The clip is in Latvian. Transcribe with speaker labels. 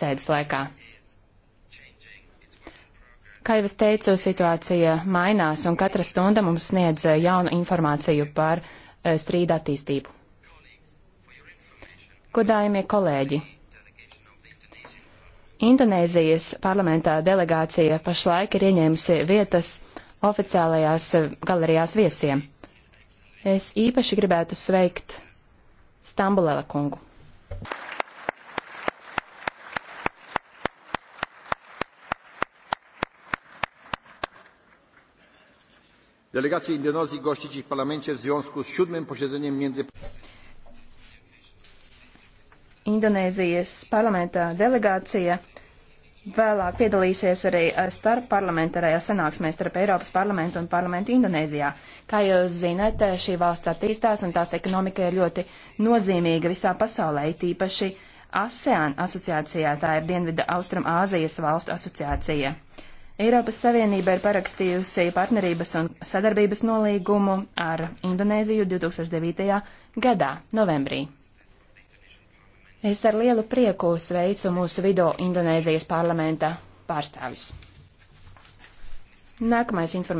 Speaker 1: sēdes laikā. Kā jau es teicu, situācija mainās un katra stunda mums sniedz eh, jaunu informāciju par eh, strīda attīstību. Godājumie kolēģi! Indonēzijas parlamentā delegācija pašlaik ir ieņēmusi vietas oficiālajās eh, galerijās viesiem. Es īpaši gribētu sveikt Stambulela kungu.
Speaker 2: Delegacja Indonezji gości dziś w parlamencie w związku z siódmym posiedzeniem między...
Speaker 3: Indonēzijas parlamentā
Speaker 1: delegācija vēlāk piedalīsies arī starp parlamentārajā sanāksmē starp Eiropas parlamentu un parlamentu Indonēzijā. Kā jūs zinat, šī valsts attīstās un tās ekonomika ir ļoti nozīmīga visā pasaulē, tīpaši ASEAN asociācijā, tā ir Dienvida Austram Āzijas valstu asociācija. Eiropas Savienība ir parakstījusi partnerības un sadarbības nolīgumu ar Indonēziju 2009. gadā, novembrī. Es ar lielu prieku sveicu mūsu vidū Indonēzijas parlamenta pārstāvis. Nākamais informācijas.